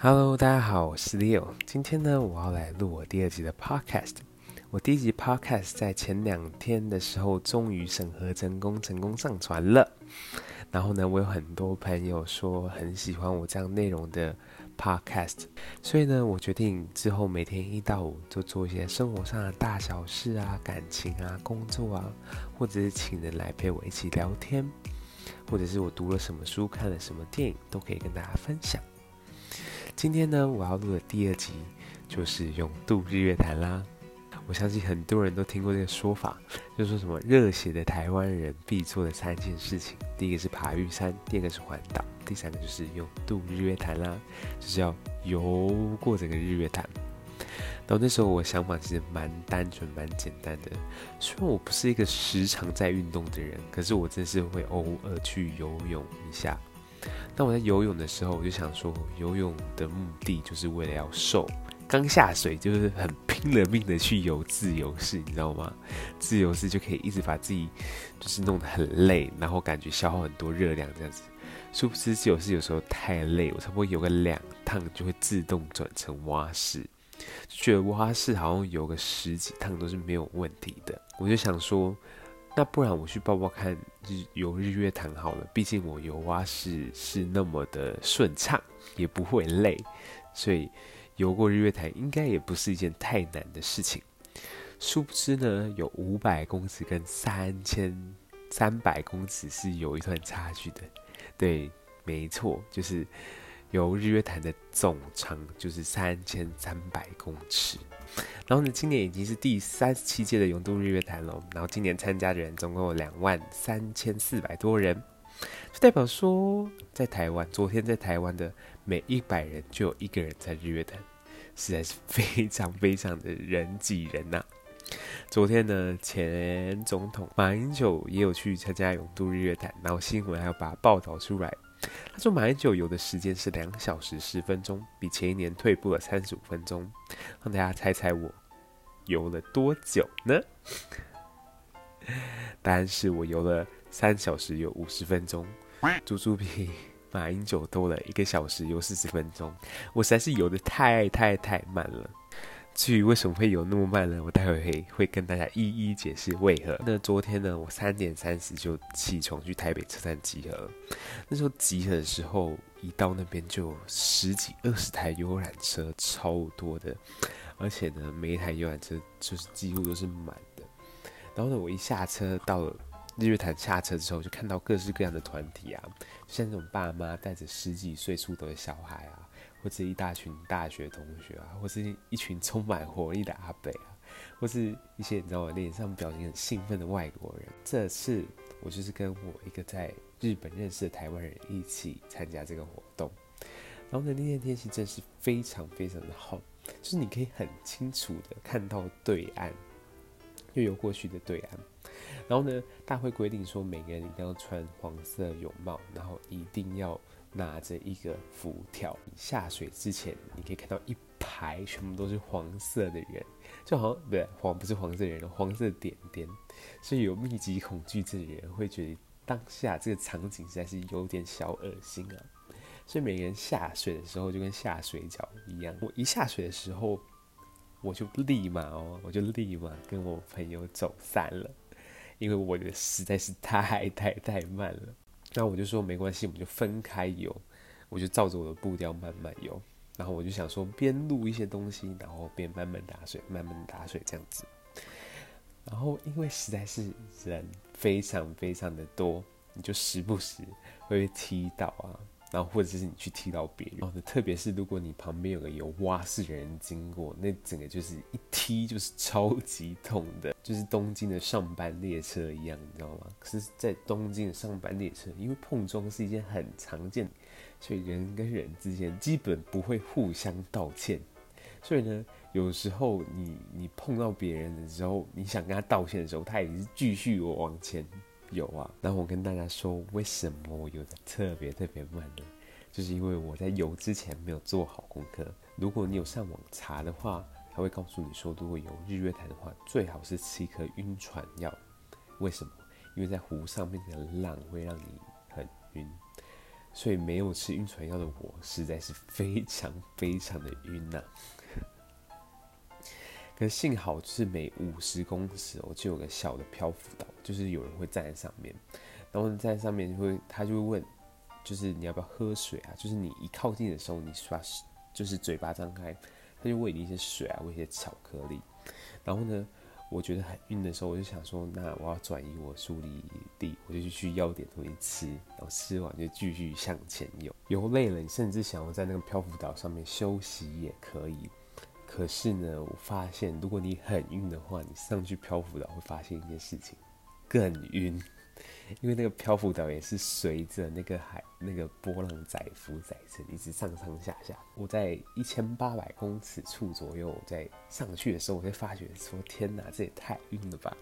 Hello，大家好，我是 Leo。今天呢，我要來錄我第二集的 Podcast。我第一集 Podcast 在前兩天的時候終於審核成功，成功上傳了。然後呢，我有很多朋友說很喜歡我這樣內容的 Podcast，所以呢，我決定之後每天一到五就做一些生活上的大小事啊、感情啊、工作啊，或者是請人來陪我一起聊天，或者是我讀了什麼書、看了什麼電影，都可以跟大家分享。今天呢，我要錄的第二集就是泳渡日月潭啦。我相信很多人都聽過這個說法，就是、說什麼熱血的台灣人必做的三件事情，第一個是爬玉山，第二個是環島，第三個就是泳渡日月潭啦，就是要游過整個日月潭。到那時候，我想法其實蠻單純、蠻簡單的。雖然我不是一個時常在運動的人，可是我真是會偶爾去游泳一下。那我在游泳的時候，我就想說，游泳的目的就是為了要瘦。剛下水就是很拼了命的去游自由式，你知道嗎？自由式就可以一直把自己就是弄得很累，然後感覺消耗很多熱量這樣子。殊不知自由式有時候太累，我差不多游個兩趟就會自動轉成蛙式，就覺得蛙式好像游個十幾趟都是沒有問題的。我就想說。那不然我去抱抱看，游日月潭好了。畢竟我游蛙式、啊、是是那麼的順暢，也不會累，所以游過日月潭應該也不是一件太難的事情。殊不知呢，有五百公尺跟三千三百公尺是有一段差距的。對，沒錯，就是。由日月潭的總長就是三千三百公尺，然後呢，今年已經是第三十七屆的泳渡日月潭了。然後今年參加的人總共有兩萬三千四百多人，就代表說，在台灣，昨天在台灣的每一百人就有一個人在日月潭，實在是非常非常的人擠人吶、啊。昨天呢，前總統馬英九也有去參加泳渡日月潭，然後新聞還有把它報道出來。他說馬英九游的時間是兩小時十分鐘，比前一年退步了三十五分鐘。讓大家猜猜我游了多久呢？答案是我游了三小時有五十分鐘，足足比馬英九多了一個小時有四十分鐘。我實在是游得太太太慢了。至於為什麼會游那麼慢呢？我待會兒會會跟大家一一解釋為何。那昨天呢，我三點三十就起床去台北車站集合。那時候集合的時候，一到那邊就有十幾二十台遊覽車，超多的。而且呢，每一台遊覽車就是幾乎都是滿的。然後呢，我一下車到日月潭下車之後，就看到各式各樣的團體啊，就像那種爸媽帶着十幾歲出頭的小孩啊。或是一大群大學同學啊，或是一群充滿活力的阿北啊，或是一些你知道嗎？臉上表情很興奮的外國人。這次我就是跟我一個在日本認識的台灣人一起參加這個活動，然後呢，那天天氣真是非常非常的好，就是你可以很清楚的看到對岸，又有過去的對岸。然後呢，大會規定說，每個人一定要穿黃色泳帽，然後一定要拿着一個浮條。下水之前，你可以看到一排全部都是黃色的人，就好像對，黃不是黃色的人，黃色點點。所以有密集恐懼症的人會覺得當下這個場景實在是有點小惡心啊。所以每個人下水的時候就跟下水餃一樣，我一下水的時候，我就立馬哦，我就立馬跟我朋友走散了。因為我覺得實在是太太太慢了，那我就說沒關係，我們就分開游，我就照着我的步調慢慢游。然後我就想說，邊錄一些東西，然後邊慢慢打水，慢慢打水這樣子。然後因為實在是人非常非常的多，你就時不時會被踢到啊。然後或者是你去踢到別人，然後特別是如果你旁邊有個游蛙式的人經過，那整個就是一踢就是超級痛的，就是東京的上班列車一樣，你知道嗎？可是，在東京的上班列車，因為碰撞是一件很常見，所以人跟人之間基本不會互相道歉。所以呢，有時候你你碰到別人的時候，你想跟他道歉的時候，他也是繼續往前。有啊，然後我跟大家說，為什麼我游得特別特別慢呢？就是因為我在游之前沒有做好功課。如果你有上網查的話，他會告訴你說，如果游日月潭的話，最好是吃一顆暈船藥。為什麼？因為在湖上面的浪會讓你很暈，所以沒有吃暈船藥的我，實在是非常非常的暈吶、啊。可幸好，就是每五十公尺哦，就有個小的漂浮島，就是有人會站在上面，然後在上面就會，他就會問，就是你要不要喝水啊？就是你一靠近的時候，你刷，就是嘴巴張開，他就餵你一些水啊，餵一些巧克力。然後呢，我覺得很暈的時候，我就想說，那我要轉移我注意力，我就去去要一點東西吃，然後吃完就繼續向前游。游累了，你甚至想要在那個漂浮島上面休息也可以。可是呢，我發現如果你很暈的話，你上去漂浮島會發現一件事情，更暈，因為那個漂浮島也是隨着那個海那個波浪載浮載沉，一直上上下下。我在一千八百公尺處左右，在上去的時候，我會發覺說：“天哪，這也太暈了吧！”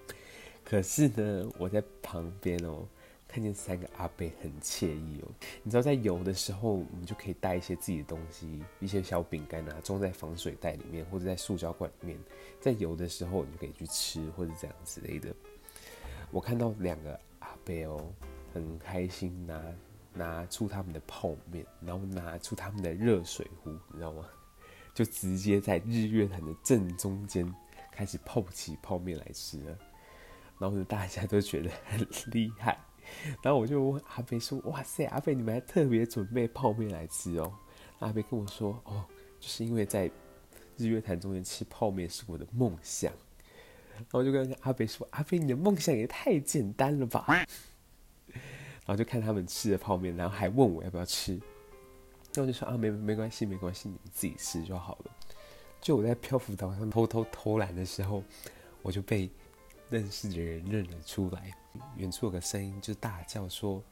可是呢，我在旁邊哦。看見三個阿伯很愜意哦、喔。你知道，在游的時候，我們就可以帶一些自己的東西，一些小餅乾啊，裝在防水袋裡面，或者在塑膠罐裡面。在游的時候，你就可以去吃，或者這樣之類的。我看到兩個阿伯哦，很開心，拿拿出他們的泡麵，然後拿出他們的熱水壺，你知道嗎？就直接在日月潭的正中間開始泡起泡麵來吃了。然後大家都覺得很厲害。然後我就問阿貝說：“哇塞，阿貝，你們還特別準備泡麵來吃哦？”阿貝跟我說：“哦，就是因為在日月潭中間吃泡麵是我的夢想。”然後我就跟阿貝說：“阿貝，你的夢想也太簡單了吧？”然後就看他們吃的泡麵，然後還問我要不要吃。那我就說：“啊，沒沒關係，沒關係，你們自己吃就好了。”就我在漂浮島上偷偷偷懶的時候，我就被。認識的人認了出來，遠處有個聲音就大叫說：“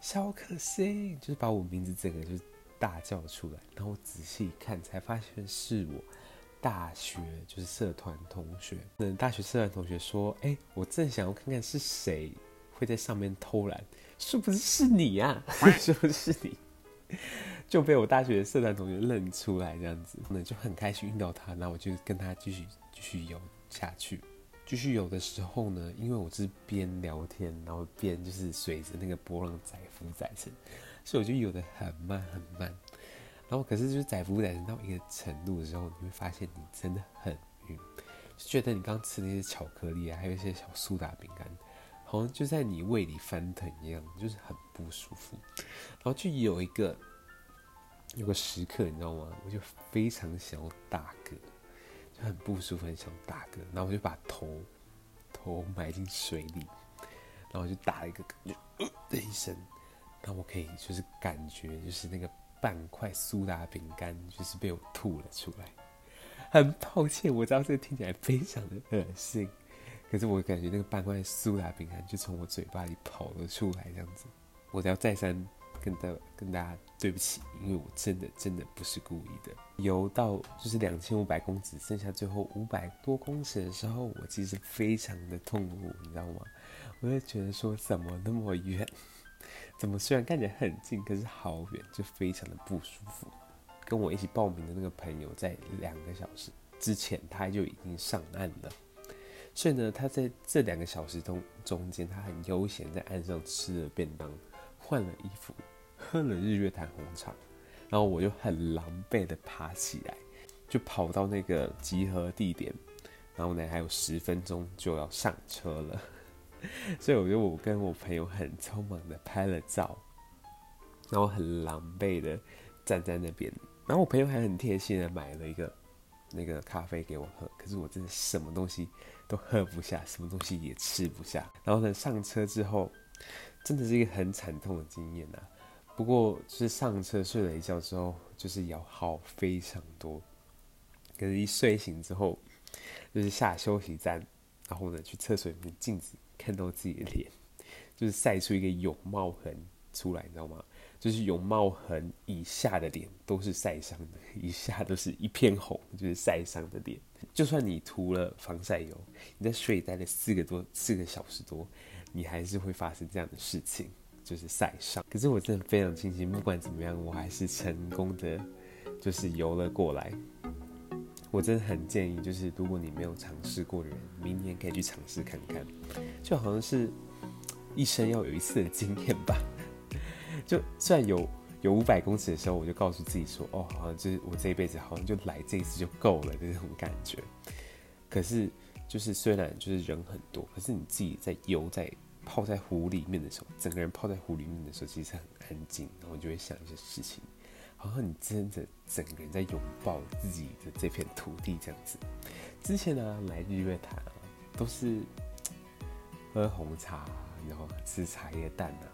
小可心！”就是把我名字整個就大叫出來。然後我仔細一看，才發現是我大學就是社團同學。那大學社團同學說：“哎、欸，我正想要看看是誰會在上面偷懶，是不是是你呀、啊？” 是不是你。 ”就被我大學的社團同學認出來，這樣子，那就很開心遇到他。那我就跟他繼續繼續游下去。繼續游的時候呢，因為我是邊聊天，然後邊就是隨着那個波浪載浮載沉，所以我就游得很慢很慢。然後可是就是載浮載沉到一個程度的時候，你會發現你真的很暈，就覺得你剛吃那些巧克力啊，還有一些小蘇打餅乾，好像就在你胃裡翻騰一樣，就是很不舒服。然後就有一個有個時刻，你知道嗎？我就非常想要打嗝。很不舒服，很想打嗝，然後我就把頭頭埋進水裡，然後就打了一個嗝，就、呃呃、的一聲，那我可以就是感覺就是那個半塊蘇打餅乾就是被我吐了出來，很抱歉，我知道這個聽起來非常的噁心，可是我感覺那個半塊蘇打餅乾就從我嘴巴裡跑了出來這樣子，我只要再三。跟大家跟大家對不起，因為我真的真的不是故意的。遊到就是兩千五百公尺，剩下最後五百多公尺的時候，我其實非常的痛苦，你知道嗎？我就覺得說怎麼那麼遠， 怎麼雖然看着很近，可是好遠，就非常的不舒服。跟我一起報名的那個朋友，在兩個小時之前他就已經上岸了，所以呢，他在這兩個小時中中間，他很悠閒在岸上吃了便當。換了衣服，喝了日月潭紅茶，然後我就很狼狽的爬起來，就跑到那個集合地點，然後呢，還有十分鐘就要上車了，所以我覺得我跟我朋友很匆忙的拍了照，然後很狼狽的站在那邊，然後我朋友還很貼心的買了一個那個咖啡給我喝，可是我真的什麼東西都喝不下，什麼東西也吃不下，然後呢，上車之後。真的是一個很慘痛的經驗啊，不過就是上車睡了一覺之後，就是搖好非常多，可是一睡醒之後，就是下休息站，然後呢去廁所裡面，鏡子看到自己的臉，就是曬出一個泳帽痕出來，你知道嗎？就是泳帽痕以下的臉都是曬傷的，以下都是一片紅，就是曬傷的臉。就算你塗了防曬油，你在水裡待了四個多四個小時多。你還是會發生這樣的事情，就是曬傷。可是我真的非常慶幸，不管怎麼樣，我還是成功的，就是游了過來。我真的很建議，就是如果你沒有嘗試過的人，明年可以去嘗試看看，就好像是，一生要有一次的經驗吧。就雖然有有五百公尺的時候，我就告訴自己說，哦，好像就是我這一輩子好像就來這一次就夠了的那種感覺。可是。就是雖然就是人很多，可是你自己在游在泡在湖裡面的時候，整個人泡在湖裡面的時候，其實很安靜，然後你就會想一些事情，然後你真的整個人在擁抱自己的這片土地這樣子。之前呢，來日月潭啊，都是喝紅茶，然後吃茶葉蛋啊，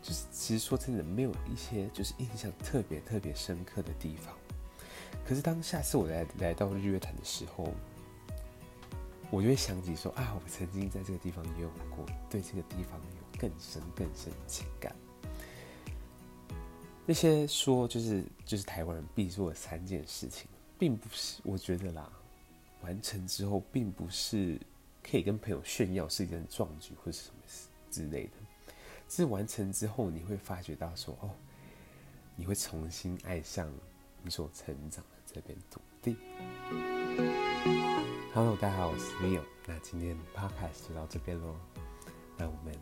就是其實說真的沒有一些就是印象特別特別深刻的地方。可是當下次我來來到日月潭的時候。我就會想起說啊、哎，我曾經在這個地方也有過，對這個地方有更深更深的情感。那些說就是就是台灣人必做的三件事情，並不是我覺得啦，完成之後並不是可以跟朋友炫耀是一件壯舉或者什麼之類的。是完成之後，你會發覺到說哦，你會重新愛上你所成長的這片土地。Hello，大家好，我是 Leo。那今天的 Podcast 就到這邊嘍，那我們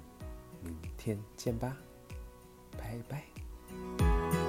明天見吧，拜拜。